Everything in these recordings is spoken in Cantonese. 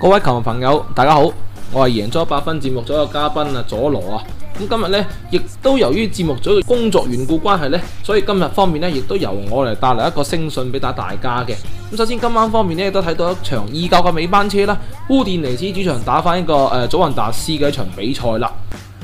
各位球迷朋友，大家好，我係贏足 100FUN 節目組嘅嘉賓啊，佐羅啊。咁今日呢，亦都由於節目組嘅工作緣故關係呢，所以今日方面呢，亦都由我嚟帶嚟一個聲訊俾大家嘅。咁首先今晚方面呢，都睇到一場意甲嘅尾班車啦，烏甸尼斯主場打返一個誒、呃，祖雲達斯嘅一場比賽啦。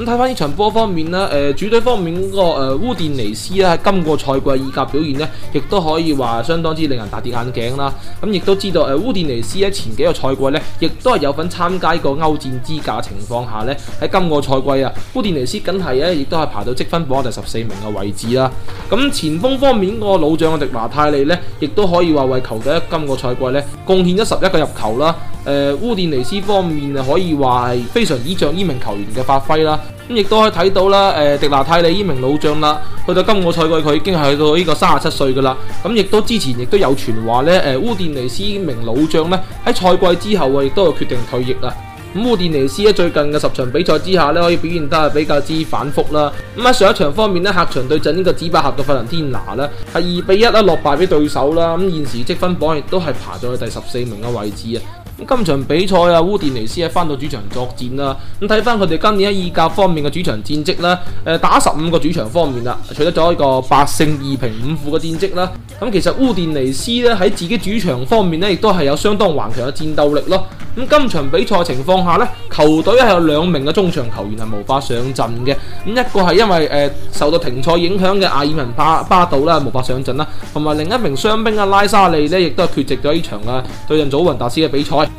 咁睇翻呢場波方面啦，誒，主隊方面嗰個誒烏甸尼斯咧喺今個賽季意甲表現呢亦都可以話相當之令人大跌眼鏡啦。咁亦都知道誒烏甸尼斯喺前幾個賽季呢亦都係有份參加過歐戰資格情況下呢，喺今個賽季啊，烏甸尼斯緊係咧亦都係排到積分榜第十四名嘅位置啦。咁前鋒方面個老將嘅迪華泰利呢亦都可以話為球隊今個賽季呢貢獻咗十一個入球啦。誒，烏甸尼斯方面可以話係非常倚仗呢名球員嘅發揮啦。咁亦都可以睇到啦，誒，迪拿泰利呢名老將啦，去到今個賽季佢已經係去到呢個三十七歲噶啦。咁亦都之前亦都有傳話咧，誒，烏甸尼斯呢名老將咧喺賽季之後啊，亦都有決定退役啦。咁烏甸尼斯喺最近嘅十場比賽之下咧，可以表現得係比較之反覆啦。咁喺上一場方面呢，客場對陣呢個紫百合嘅費倫天拿咧，係二比一落敗俾對手啦。咁現時積分榜亦都係爬咗去第十四名嘅位置啊。今場比賽啊，烏甸尼斯咧翻到主場作戰啦。咁睇翻佢哋今年喺意甲方面嘅主場戰績啦，誒打十五個主場方面啦，取得咗一個八勝二平五負嘅戰績啦。咁其實烏甸尼斯咧喺自己主場方面咧，亦都係有相當頑強嘅戰鬥力咯。咁今場比賽情況下咧，球隊係有兩名嘅中場球員係無法上陣嘅。咁一個係因為誒受到停賽影響嘅阿爾文巴巴道啦，無法上陣啦，同埋另一名傷兵阿拉沙利咧，亦都係缺席咗呢場啊對陣祖雲達斯嘅比賽。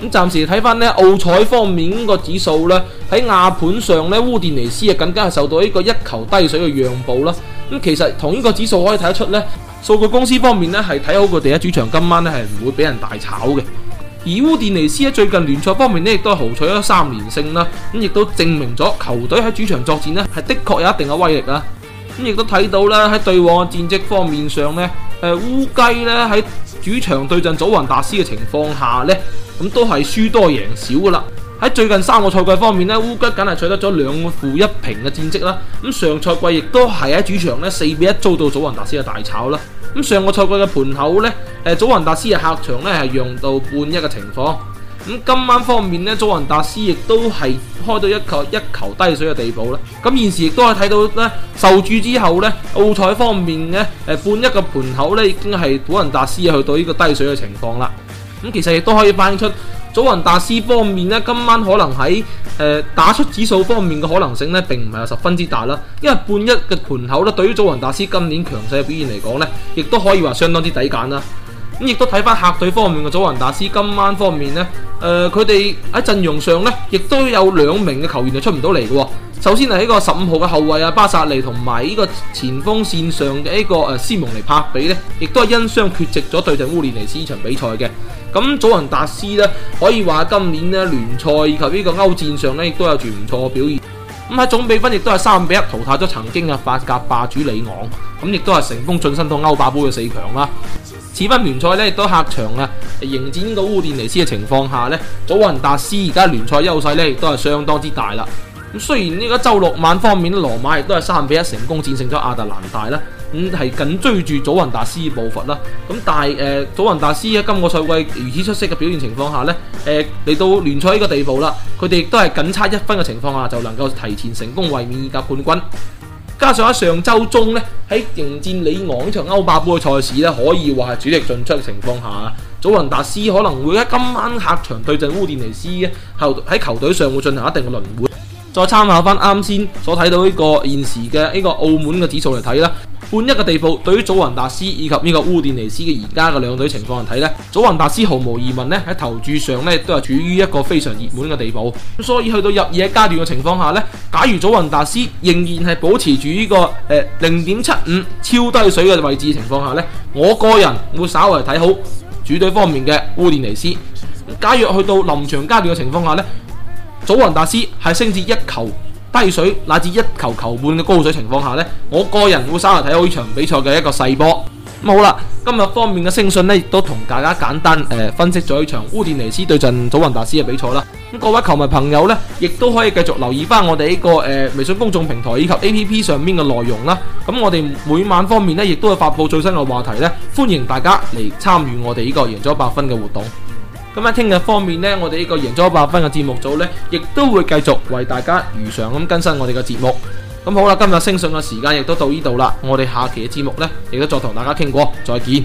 咁暫時睇翻咧，澳彩方面個指數咧喺亞盤上咧，烏甸尼斯啊，更加係受到一個一球低水嘅讓步啦。咁其實同呢個指數可以睇得出咧，數據公司方面咧係睇好佢哋喺主場，今晚咧係唔會俾人大炒嘅。而烏甸尼斯喺最近聯賽方面咧亦都豪取咗三連勝啦，咁亦都證明咗球隊喺主場作戰咧係的確有一定嘅威力啊。咁亦都睇到啦喺對往戰績方面上咧，誒烏雞咧喺主場對陣祖雲達斯嘅情況下咧。咁都係輸多贏少噶啦。喺最近三個賽季方面呢，烏甸梗係取得咗兩負一平嘅戰績啦。咁上賽季亦都係喺主場呢四比一遭到祖雲達斯嘅大炒啦。咁上個賽季嘅盤口呢，誒祖雲達斯嘅客場呢係讓到半一嘅情況。咁今晚方面呢，祖雲達斯亦都係開到一球一球低水嘅地步啦。咁現時亦都係睇到呢受注之後呢，澳彩方面呢半一嘅盤口呢已經係祖雲達斯去到呢個低水嘅情況啦。咁其實亦都可以反映出，祖雲達斯方面呢，今晚可能喺誒、呃、打出指數方面嘅可能性呢，並唔係十分之大啦。因為半一嘅盤口呢，對於祖雲達斯今年強勢嘅表現嚟講呢，亦都可以話相當之抵揀啦。咁、嗯、亦都睇翻客隊方面嘅祖雲達斯今晚方面呢，誒佢哋喺陣容上呢，亦都有兩名嘅球員就出唔到嚟嘅。首先係呢個十五號嘅後衞啊，巴薩利同埋呢個前鋒線上嘅呢、這個誒、呃、斯蒙尼帕比呢，亦都係因傷缺席咗對陣烏甸尼斯呢場比賽嘅。咁祖雲達斯呢，可以話今年呢聯賽以及呢個歐戰上呢，亦都有住唔錯嘅表現。咁喺總比分亦都係三比一淘汰咗曾經嘅法甲霸主里昂，咁亦都係成功晉身到歐霸杯嘅四強啦。此番聯賽呢，亦都客場啊迎戰呢個烏甸尼斯嘅情況下呢，祖雲達斯而家聯賽優勢呢，亦都係相當之大啦。咁雖然呢個周六晚方面，羅馬亦都係三比一成功戰勝咗亞特蘭大啦。咁、嗯、係緊追住祖雲達斯步伐啦。咁但係誒、呃、祖雲達斯喺今個賽季如此出色嘅表現情況下呢，誒嚟到聯賽呢個地步啦，佢哋亦都係僅差一分嘅情況下，就能夠提前成功衛冕意甲冠軍。加上喺上週中呢，喺迎戰里昂呢場歐霸杯嘅賽事呢，可以話係主力進出嘅情況下，祖雲達斯可能會喺今晚客場對陣烏甸尼斯嘅後喺球隊上會進行一定嘅輪換。再參考翻啱先所睇到呢個現時嘅呢、呢個澳門嘅指數嚟睇啦。半一個地步，對於祖雲達斯以及呢個烏甸尼斯嘅而家嘅兩隊情況嚟睇呢，祖雲達斯毫無疑問呢喺投注上呢都係處於一個非常熱門嘅地步，所以去到入夜階段嘅情況下呢，假如祖雲達斯仍然係保持住呢個誒零點七五超低水嘅位置嘅情況下呢，我個人會稍為睇好主隊方面嘅烏甸尼斯。假若去到臨場階段嘅情況下呢，祖雲達斯係升至一球。低水乃至一球球半嘅高水情況下呢，我個人會稍為睇好呢場比賽嘅一個細波。咁好啦，今日方面嘅聲訊呢，亦都同大家簡單誒、呃、分析咗一場烏甸尼斯對陣祖雲達斯嘅比賽啦。咁各位球迷朋友呢，亦都可以繼續留意翻我哋呢、這個誒、呃、微信公眾平台以及 A P P 上面嘅內容啦。咁我哋每晚方面呢，亦都會發佈最新嘅話題呢，歡迎大家嚟參與我哋呢個贏足 100FUN 嘅活動。咁喺聽日方面呢，我哋呢個贏足 100FUN 嘅節目組呢，亦都會繼續為大家如常咁更新我哋嘅節目。咁好啦，今日聲訊嘅時間亦都到呢度啦，我哋下期嘅節目呢，亦都再同大家傾過，再見。